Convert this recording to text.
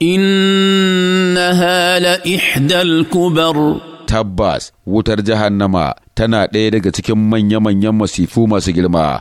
in na hala ihdal kubar tabbas wutar jahannama tana ɗaya daga cikin manya-manyan masifu masu girma